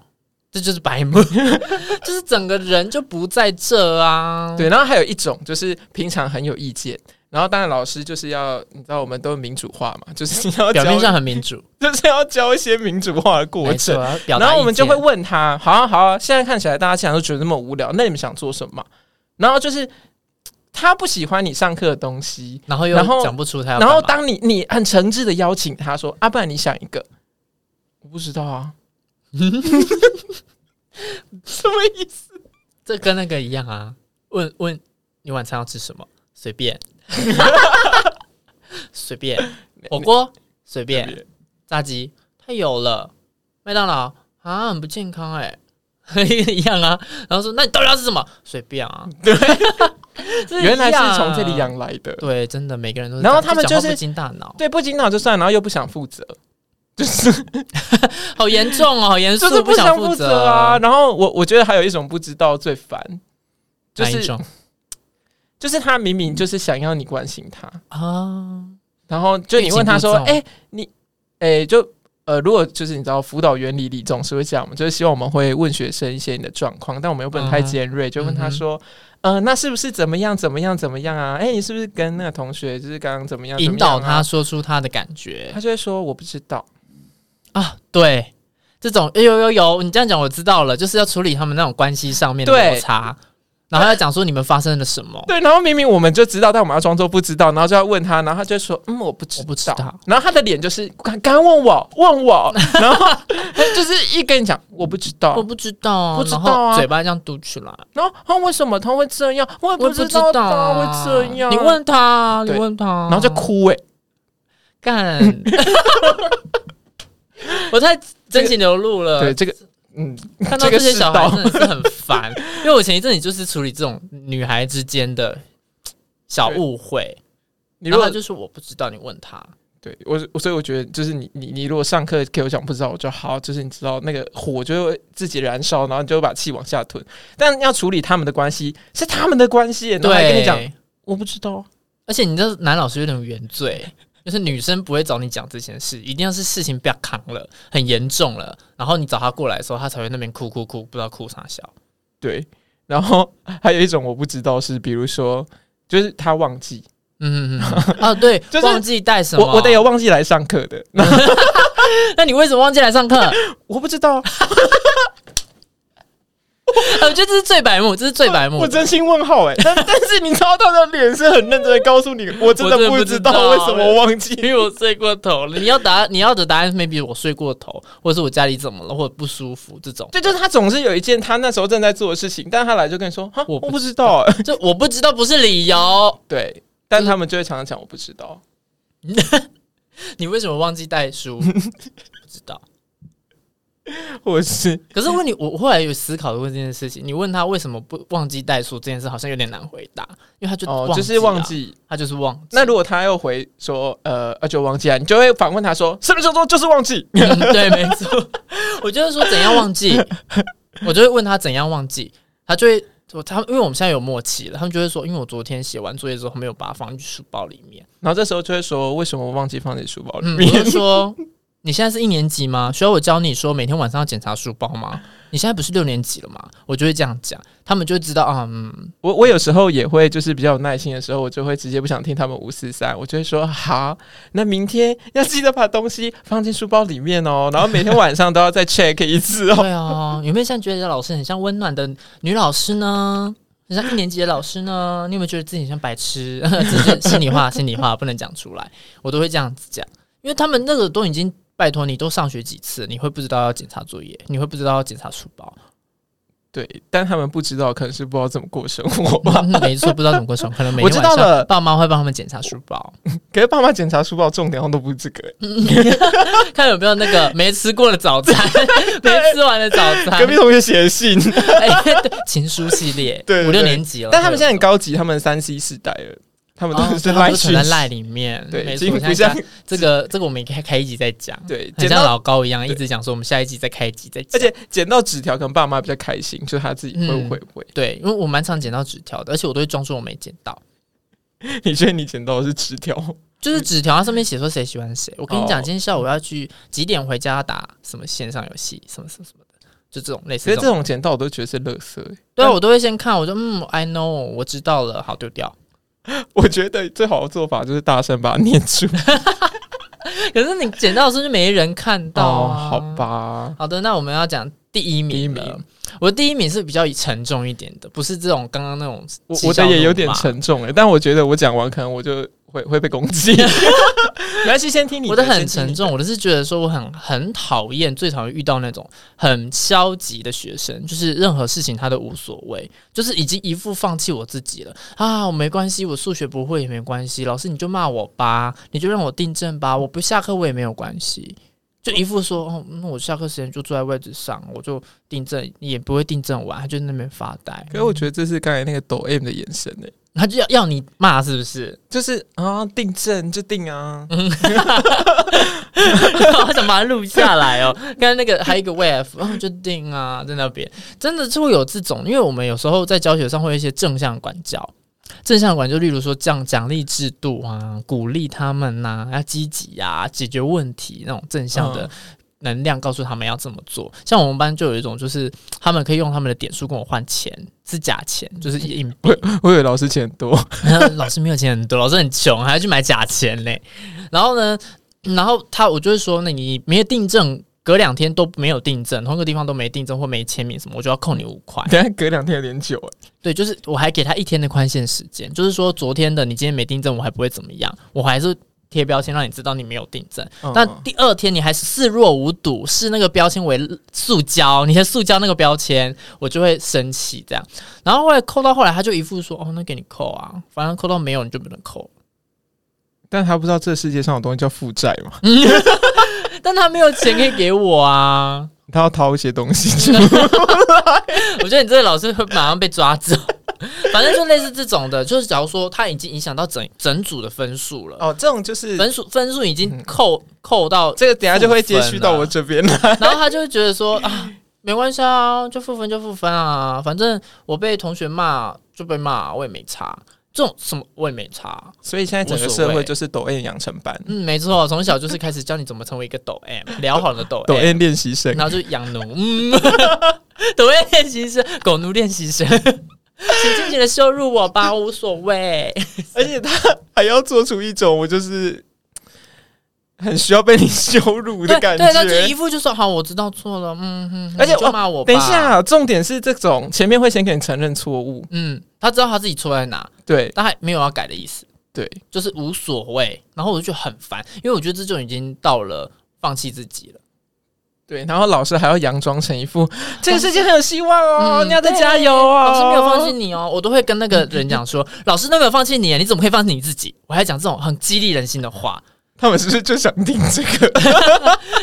這就是白目 就是整個人就不在這啊。對，然後還有一種就是平常很有意見，然後當然老師就是要你知道我們都民主化嘛，就是要表面上很民主，就是要教一些民主化的過程。然後我們就會問他，好啊，好啊，現在看起來大家竟然都覺得那麼無聊，那你們想做什麼？然後就是他不喜歡你上課的東西，然後又講不出他然。然後當你你很誠摯的邀請他說，啊，不然你想一個，我不知道啊。 什麼意思？ 這跟那個一樣啊？問問你晚餐要吃什麼？隨便，隨 便火鍋，隨便炸雞，太油了。麥當勞啊，很不健康哎、欸， 一樣啊。然後說，那你到底要吃什麼？隨便啊。對， 原來是從這裡養來的。對，真的，每個人都。然後他們就是不經大腦，對，不經腦就算，然後又不想負責。就 是 好嚴重哦，好嚴肅， 就是不想負責啊。 然後我我覺得還有一種不知道最煩，哪一種？重 就是他明明就是想要你關心他啊、哦，然後就你問他說：“哎、欸，你哎、欸、就呃，如果就是你知道輔導員李李總是會這樣嘛，就是希望我們會問學生一些你的狀況，但我們又不能太尖銳、呃，就問他說嗯嗯：‘呃，那是不是怎麼樣，怎麼樣，怎麼樣啊？’哎、欸，你是不是跟那個同學就是剛剛怎麼樣？引導他、啊、說出他的感覺，他就會說我不知道。”啊，對，這種哎呦呦呦，你這樣講我知道了，就是要處理他們那種關係上面的摩擦、啊，然後要講說你們發生了什麼？對，然後明明我們就知道，但我們要裝作不知道，然後就要問他，然後他就說，嗯，我不知道，不知道，然後他的臉就是剛問我問我，然後 就是一跟你講我不知道，我不知道，不知道啊，嘴巴這樣嘟出來，然後啊，為什麼他會這樣？我也不知道，他會這樣，啊、你問他，你問他，然後就哭、欸，哎，幹。嗯 我太真情流露了，這個、對這個，嗯，看到這些小孩真的是很煩，這個、 因為我前一陣子就是處理這種女孩之間的小誤會。你如果就是我不知道，你問他，對我，所以我覺得就是你，你，你如果上課給我講不知道，我就好，就是你知道那個火就會自己燃燒，然後你就會把氣往下吞。但要處理他們的關係是他們的關係，對，跟你講我不知道，而且你這男老師有點原罪。就是女生不會找你講這件事，一定要是事情比較扛了，很嚴重了，然後你找她過來的時候，她才會那邊哭哭哭，不知道哭啥笑。對，然後還有一種我不知道是，比如說，就是她忘記，嗯哦嗯嗯、 啊、對，就是忘記帶什麼我，我得有忘記來上課的。 那你為什麼忘記來上課？ 我不知道。 我,啊、我覺得這是最白目，這是最白目我。我真心問號哎、欸，但但是你知道他的臉是很認真的，告訴你我真的不知道為什麼我忘記我，因為我睡過頭了。你要答你要的答案，是 maybe 我睡過頭，或者是我家裡怎麼了，或者不舒服這種。對，就是他總是有一件他那時候正在做的事情，但他來就跟你說哈，我不知道，就我不知道不是理由。嗯、對，但他們就會常常講我不知道。嗯、 你為什麼忘記帶書？ 不知道。我是，可是問你，我後來有思考過這件事情。你問他為什麼不忘記帶書這件事，好像有點難回答，因為他就、哦、就是忘記，他就是忘記。那如果他又回說，呃，啊，就忘記啊，你就會反問他說，是不是，就是說就是忘記？嗯、對，沒錯。 我就會說怎樣忘記， 我就會問他怎樣忘記，他就會說他，因為我們現在有默契了，他們就會說，因為我昨天寫完作業之後沒有把它放進書包裡面，然後這時候就會說，為什麼我忘記放進書包裡面？嗯、說。 你現在是一年級嗎？需要我教你說每天晚上要檢查書包嗎？你現在不是六年級了嗎？我就會這樣講，他們就會知道啊、嗯。我我有時候也會就是比較有耐心的時候，我就會直接不想聽他們五四三，我就會說好，那明天要記得把東西放進書包裡面哦，然後每天晚上都要再 check 一次哦。 對啊，有沒有像覺得老師很像溫暖的女老師呢？很像一年級的老師呢？你有沒有覺得自己很像白痴？ 只是心裡話，心裡話不能講出來，我都會這樣子講，因為他們那個都已經。拜託你多上學幾次，你會不知道要檢查作業，你會不知道要檢查書包。對，但他們不知道，可能是不知道怎麼過生活吧。沒錯，不知道怎麼過生活，可能每我知道了，爸媽會幫他們檢查書包。可是爸媽檢查書包，重點好像都不是這個， 看有沒有那個沒吃過的早餐，沒吃完的早餐。隔壁同學寫的信、欸，情書系列，對，對，對，五六年級了。但他們現在很高級，他們三 C 世代了。他們都是、哦、們都在賴裡面，對，基本上這個這個我們開開一集再講，對到，很像老高一樣，一直講說我們下一集再開一集，再講。而且撿到紙條可能爸媽比較開心，就他自己會回不會，不會、嗯、對，因為我蠻常撿到紙條的，而且我都會裝作我沒撿到。你覺得你撿到的是紙條？就是紙條，他上面寫說誰喜歡誰。我跟你講、哦，今天下午要去幾點回家打什麼線上遊戲，什麼什麼什麼的，就這種類似。所以這種撿到我都覺得是樂色。對啊，我都會先看，我說嗯，I know，我知道了，好丟掉。我覺得最好的做法就是大聲把它念出來，可是你撿到的時候就沒人看到啊。哦，好吧，好的，那我們要講第一名。第一名。我的第一名是比較沉重一點的，不是這種剛剛那種。我的也有點沉重誒、欸，但我覺得我講完可能我就會會被攻擊。 沒關係，先聽你的。我的很沉重，的我的是覺得說我很很討厭，最常遇到那種很消極的學生，就是任何事情他都無所謂，就是已經一副放棄我自己了啊。我沒關係，我數學不會也沒關係，老師你就罵我吧，你就讓我訂正吧，我不下課我也沒有關係。就一副說哦，那我下課時間就坐在位置上，我就訂正，也不會訂正完，他就在那邊發呆。可是我覺得這是剛才那個抖 M 的眼神呢、欸，他就要要你罵是不是？就是啊，訂正就訂啊，嗯、 我想把它錄下來哦。剛才那個還有一個 wave， 就定啊，在那邊真的就會有這種，因為我們有時候在教學上會有一些正向管教。正向的管理就例如說，獎獎勵制度啊，鼓勵他們吶、啊，要積極啊，解決問題那種正向的能量，嗯、告訴他們要怎麼做。像我們班就有一種，就是他們可以用他們的點數跟我換錢，是假錢，就是因因為我以為老師錢很多， 老師沒有錢很多，老師很窮，還要去買假錢嘞。然後呢，然後他我就會說，那你沒有訂正。隔兩天都沒有訂正，同一個地方都沒訂正或沒簽名什麼，我就要扣你五塊。等下，隔兩天有點久，欸、對，就是我還給他一天的寬限時間，就是說昨天的你今天沒訂正，我還不會怎麼樣，我還是貼標籤讓你知道你沒有訂正，嗯。但第二天你還是視若無睹，視那個標籤為塑膠，你還塑膠那個標籤，我就會生氣這樣。然後後來扣到後來，他就一副說：“哦，那給你扣啊，反正扣到沒有你就不能扣。”但他不知道這世界上有東西叫負債嘛？ 但他沒有錢可以給我啊！他要掏一些東西出來。 我覺得你這個老師會馬上被抓走。 反正就類似這種的，就是假如說他已經影響到整整組的分數了。哦，這種就是分數分數已經扣、嗯、扣到這個，等下就會接續到我這邊了。然後他就會覺得說啊，沒關係啊，就負分就負分啊，反正我被同學罵就被罵，我也沒差。這種什麼味也沒差、啊，所以現在整個社會就是抖 M 養成班。嗯，沒錯，從小就是開始教你怎麼成為一個抖 M 良 好的抖 M, 抖 M 練習生，然後就養奴，嗯， 抖 M 練習生，狗奴練習生，請盡情的羞辱我吧，無所謂。而且他還要做出一種，我就是。很需要被你羞辱的感覺。對，對那這一副就說：“好，我知道錯了，嗯，哼，而且就罵我……等一下，重點是這種前面會先給你承認錯誤，嗯，他知道他自己錯在哪，對，他還沒有要改的意思，對，就是無所謂。然後我就覺得很煩，因為我覺得這種已經到了放棄自己了。對，然後老師還要佯裝成一副這個世界很有希望哦，嗯、你要再加油啊、哦！老師沒有放棄你哦，我都會跟那個人講說： 老師都沒有放棄你，你怎麼可以放棄你自己？我還講這種很激勵人心的話。”他們是不是就想聽這個？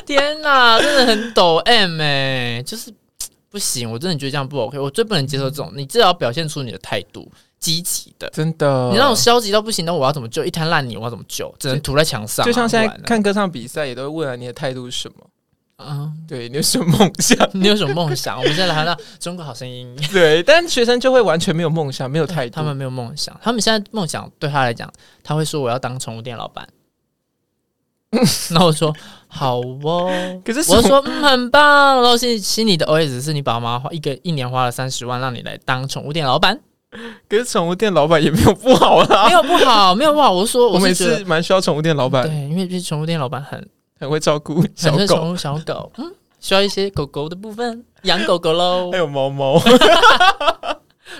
天哪，真的很抖 M 哎、欸，就是不行！我真的覺得這樣不 OK。我最不能接受這種，嗯、你至少表現出你的態度積極的，真的、哦。你那種消極到不行的，我要怎麼救？一灘爛泥，我要怎麼救？只能塗在牆上、啊。就像現在看歌唱比賽，也都會問啊，你的態度是什麼？啊、嗯，對，你有什麼夢想？你有什麼夢想？ 我們現在談到《中國好聲音》，對，但學生就會完全沒有夢想，沒有態度。他們沒有夢想。他們現在夢想對他來講，他會說我要當寵物店老板。 然後我說好哦，可是我說、嗯、很棒。然後心心裡的 O S 是你爸媽花一個一年花了三十萬讓你來當寵物店老板，可是寵物店老板也沒有不好啦， 沒有不好，沒有不好。我說，我每次蠻需要寵物店老板，對，因為畢竟寵物店老板很很會照顧小狗寵物小狗。嗯，需要一些狗狗的部分，養狗狗嘍， 還有貓貓貓。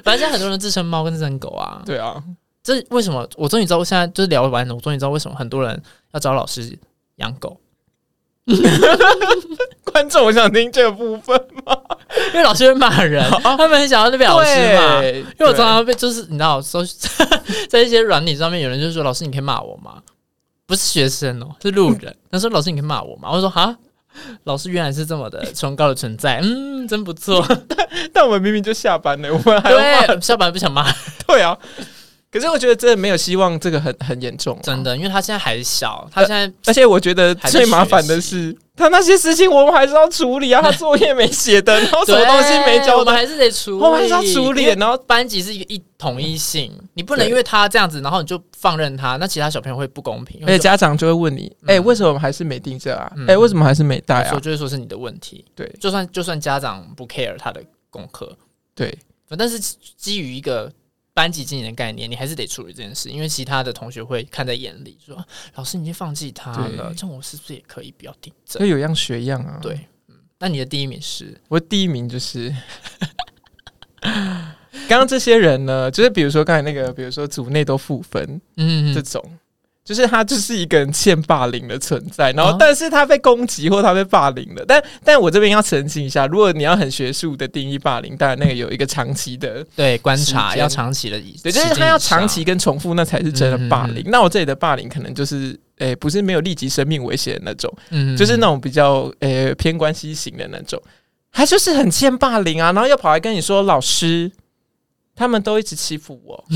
反 正現在很多人自稱貓跟自稱狗啊，對啊。這為什麼？我終於知道，我現在就是聊完了，我終於知道為什麼很多人要找老師養狗。 觀眾，我想聽這個部分嗎？因為老師會罵人，哦、他們很想要這個老師嘛。因為我常常被，就是你知道，說在一些軟體上面，有人就說：“ 老師，你可以罵我嗎？”不是學生哦，是路人。他、嗯、說：“老師，你可以罵我嗎？”我說：“哈，老師原來是這麼的崇高的存在，嗯，真不錯。但”但我們明明就下班了，我們還對下班不想罵？對啊。可是我覺得真的沒有希望，這個很很嚴重、啊。真的，因為他現在還是小，他現在、呃、而且我覺得最麻煩的是，是，他那些事情我們還是要處理啊， 他作業沒寫的，然後什麼東西沒交的，我們還是得處理，我還是要處理。然後班級是一個一統一性、嗯，你不能因為他這樣子，然後你就放任他，那其他小朋友會不公平。而且、欸、家長就會問你，哎、嗯欸，為什麼我們還是沒訂正啊？哎、嗯欸，為什麼還是沒帶啊？說就是說是你的問題。對，就算就算家長不 care 他的功課，對，但是基於一個。班級經營的概念，你還是得處理這件事，因為其他的同學會看在眼裡說，說老師你先放棄他了，了這樣我是不是也可以不要競爭？要有一樣學一樣啊。對，嗯，那你的第一名是？我第一名就是剛 剛 這些人呢，就是比如說剛才那個，比如說組內都負分，嗯，嗯，這種。就是他就是一個很欠霸凌的存在，然後但是他被攻擊或他被霸凌了，哦、但但我這邊要澄清一下，如果你要很學術的定義霸凌，當然那個有一個長期的對觀察，要長期的意思，對，就是他要長期跟重複，那才是真的霸凌嗯嗯。那我這裡的霸凌可能就是，誒、欸，不是沒有立即生命危險的那種嗯嗯，就是那種比較誒、欸、偏關係型的那種，他就是很欠霸凌啊，然後又跑來跟你說老師，他們都一直欺負我。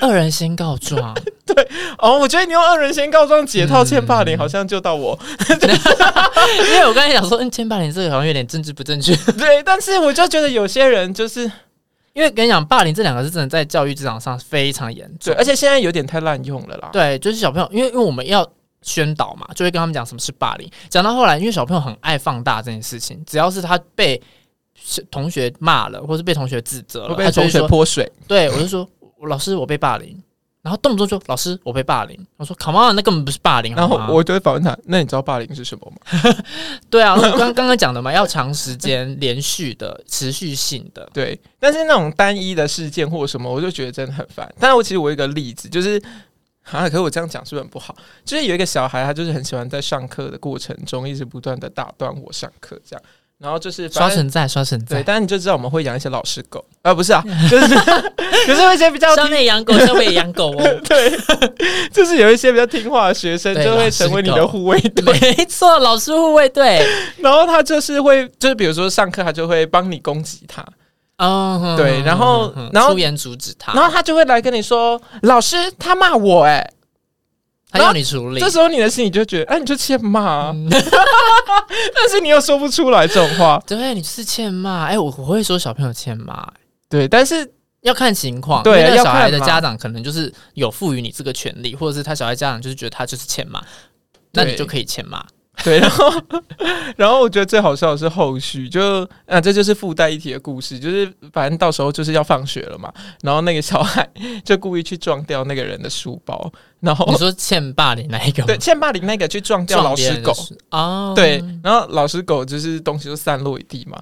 惡人先告狀， 對哦，我覺得你用惡人先告狀解套欠霸凌，好像就到我。嗯 就是、 因為我剛才想說，嗯，欠霸凌這個好像有點政治不正確，對。但是我就覺得有些人就是，因為跟你講霸凌這兩個字，真的在教育職場上非常嚴重，而且現在有點太濫用了啦。對，就是小朋友，因為因為我們要宣導嘛，就會跟他們講什麼是霸凌。講到後來，因為小朋友很愛放大這件事情，只要是他被同學罵了，或是被同學指責了，或被同學潑水，嗯、對我就說。老師，我被霸凌，然後動不動就老師我被霸凌。我說 Come on，那根本不是霸凌。然後我就會反問他：那你知道霸凌是什麼嗎？ 對啊，剛剛剛講的嘛，要長時間、連續的、持續性的。 對，但是那種單一的事件或什麼，我就覺得真的很煩。但是我其實我有一個例子就是，啊，可是我這樣講是不是很不好？就是有一個小孩，他就是很喜歡在上課的過程中一直不斷的打斷我上課，這樣。然後就是刷存在，刷存在。對，但是你就知道我們會養一些老師狗，呃，不是啊，就是，就 是有一些比較，家面養狗就會養狗哦，對，就是有一些比較聽話的學生就會成為你的護衛隊，沒錯，老師護衛隊。 然後他就是會，就是比如說上課，他就會幫你攻擊他，哦、oh,。對、嗯，然後，然後出言阻止他，然後他就會來跟你說，老師他罵我哎、欸。他要你處理、啊，這時候你的心裡就覺得，哎、啊，你就欠罵， 但是你又說不出來這種話，對，你是欠罵，哎、欸，我我會說小朋友欠罵，對，但是要看情況，對，因為小孩的家長可能就是有賦予你這個權利，或者是他小孩家長就是覺得他就是欠罵，那你就可以欠罵。對，然後，然後我覺得最好笑的是後續，就啊，這就是附帶一提的故事，就是反正到時候就是要放學了嘛，然後那個小孩就故意去撞掉那個人的書包，然後你說欠霸凌那一個，對，欠霸凌那個去撞掉老師狗啊、就是哦，對，然後老師狗就是東西就散落一地嘛，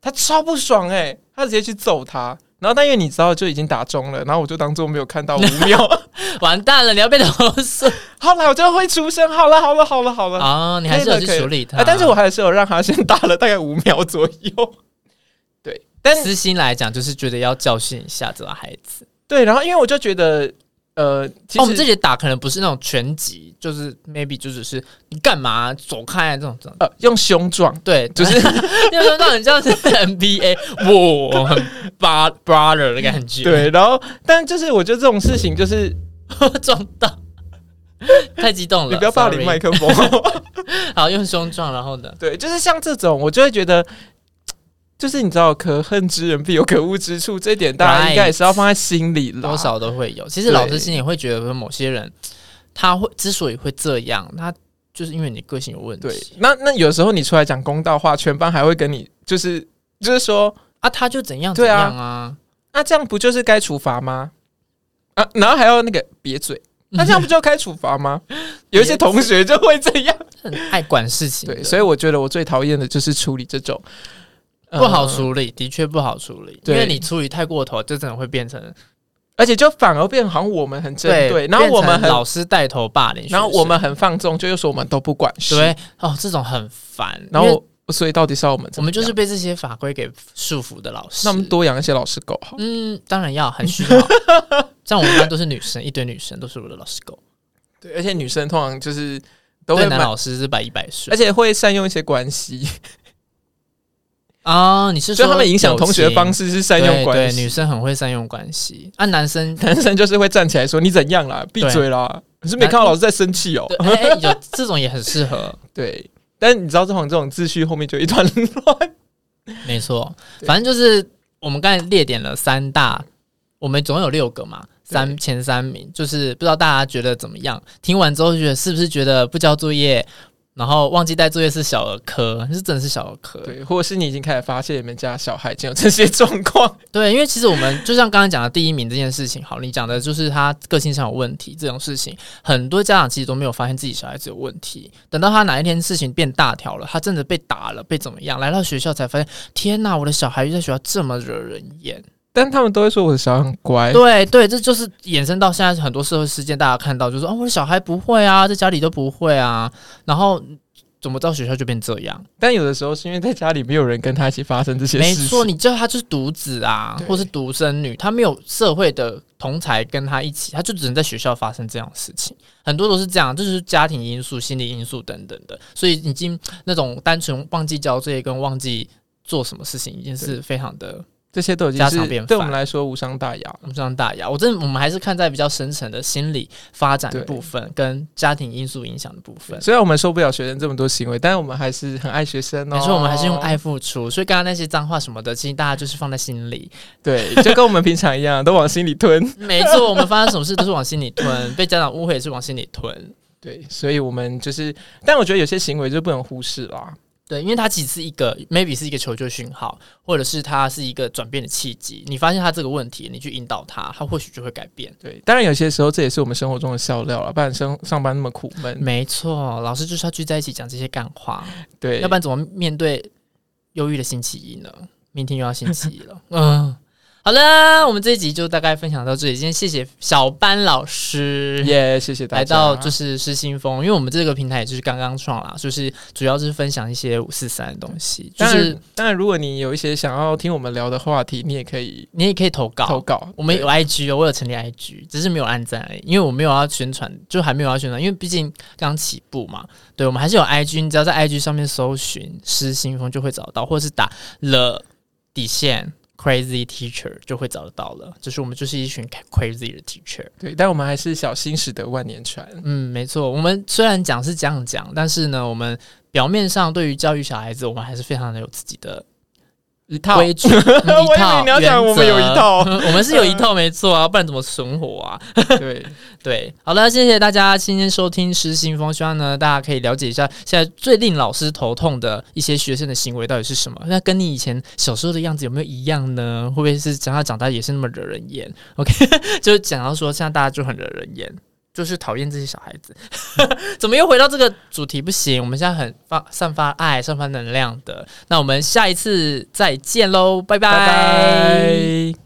他超不爽哎、欸，他直接去揍他。然後，但因為你知道就已經打中了，然後我就當做沒有看到五秒， 完蛋了，你要變成紅色。 後來我就會出聲，好了，好了，好了，好了。啊、oh,，你還是有去處理他、欸，但是我還是有讓他先打了大概五秒左右。對，但私心來講，就是覺得要教訓一下這個孩子。對，然後因為我就覺得。呃，其實、哦、我們這裡打可能不是那種拳擊，就是 maybe 就只是你幹嘛、啊、走開啊，這種，這種呃，用胸撞，對，就是 用胸撞你知像是 NBA 我 bro brother 的感覺，對，然後但就是我覺得這種事情就是 撞到 太激動了，你不要暴力麥克風， 好用胸撞，然後呢，對，就是像這種我就會覺得。就是你知道，可恨之人必有可惡之處，這一點大家應該也是要放在心裡。了，Right，多少都會有。其實老師心裡會覺得，某些人他會之所以會這樣，他就是因為你個性有問題。那那有時候你出來講公道話，全班還會跟你就是就是說啊，他就怎樣怎樣啊，對啊，那這樣不就是該處罰嗎？啊，然後還要那個癟嘴，那這樣不就該處罰嗎？ 有一些同學就會這樣，這很愛管事情的。對，所以我覺得我最討厭的就是處理這種。不好處理，嗯、的確不好處理。因為你處理太過頭，就可能會變成，而且就反而變好像我們很針對，對，然後我們很老師帶頭霸凌，然後我們很放縱，就又說我們都不管。對哦，這種很煩。然後所以到底是要我們怎麼，我們就是被這些法規給束縛的老師。那我們多養一些老師狗好？嗯，當然要，很需要。像 我們班都是女生，一堆女生都是我的老師狗。對，而且女生通常就是都會，跟男老師是百依百順，而且會善用一些關係。啊、哦，你是說他們影響同學的方式是善用關係？對，女生很會善用關係。啊，男生，男生就是會站起來說你怎樣啦，閉嘴啦。可是沒看到老師在生氣哦、喔欸？有這種也很適合， 對。但是你知道，這種這種秩序後面就一團亂。沒錯，反正就是我們剛才列點了三大，我們總有六個嘛，三前三名，就是不知道大家覺得怎麼樣？聽完之後，覺得是不是覺得不交作業？然後忘記帶作業，是小兒科，就是真的是小兒科。對，或者是你已經開始發現你們家小孩就有這些狀況。對，因為其實我們就像剛剛講的第一名這件事情，好，你講的就是他個性上有問題這種事情，很多家長其實都沒有發現自己小孩子有問題，等到他哪一天事情變大條了，他真的被打了，被怎麼樣，來到學校才發現，天吶，我的小孩又在學校這麼惹人厭。但他們都會說，我的小孩很乖。嗯。對對，這就是衍生到現在很多社會事件，大家看到就是哦，我的小孩不會啊，在家裡都不會啊，然後怎麼到學校就變這樣？但有的時候是因為在家裡沒有人跟他一起發生這些事情。沒錯，你叫他就是獨子啊，或是獨生女，他沒有社會的同儕跟他一起，他就只能在學校發生這樣的事情。很多都是這樣，就，就是家庭因素、心理因素等等的，所以已經那種單純忘記交作業跟忘記做什麼事情，已經是非常的。這些都已經是對我們來說無傷大雅，無傷大雅。我真的，我們還是看在比較深層的心理發展的部分跟家庭因素影響的部分。雖然我們受不了學生這麼多行為，但是我們還是很愛學生哦。沒錯，我們還是用愛付出。所以，剛剛那些髒話什麼的，其實大家就是放在心裡，對，就跟我們平常一樣， 都往心裡吞。沒錯，我們發生什麼事都是往心裡吞， 被家長誤會也是往心裡吞。對，所以，我們就是，但我覺得有些行為就不能忽視了。對，因為它其實是一個 maybe 是一個求救訊號，或者是它是一個轉變的契機。你發現它這個問題，你去引導它，它或許就會改變。對，當然有些時候這也是我們生活中的笑料了。不然生上班那麼苦悶，沒錯，老師就是要聚在一起講這些幹話。對，要不然怎麼面對憂鬱的星期一呢？明天又要星期一了， 嗯。好了，我們這一集就大概分享到這裡。今天謝謝小班老師，耶、yeah，謝謝大家來到就是失心瘋，因為我們這個平台也就是剛剛創啦，就是主要是分享一些五四三的東西。當然，當、就、然、是，如果你有一些想要聽我們聊的話題，你也可以，你也可以投稿。投稿，我們有 IG 哦，我有成立 IG，只是沒有按讚而已，因為我沒有要宣傳，就還沒有要宣傳，因為畢竟剛起步嘛。對，我們還是有 IG，你只要在 IG 上面搜尋失心瘋就會找到，或者是打了底線 Crazy teacher 就會找得到了，就是我們就是一群 crazy 的 teacher。對，但我們還是小心駛得萬年船。嗯，沒錯，我們雖然講是這樣講，但是呢，我們表面上對於教育小孩子，我們還是非常的有自己的。一套規矩、嗯，一套我,也想我們有一套， 我們是有一套，沒錯啊，不然怎麼存活啊？嗯、對對，好的，謝謝大家今天收聽《失心瘋》，希望呢大家可以了解一下現在最令老師頭痛的一些學生的行為到底是什麼。那跟你以前小時候的樣子有沒有一樣呢？會不會是講到長大也是那麼惹人厭？OK， 就是講到說現在大家就很惹人厭。就是討厭這些小孩子， 怎麼又回到這個主題？不行？我們現在很發散發愛、散發能量的。那我們下一次再見嘍，拜拜。Bye bye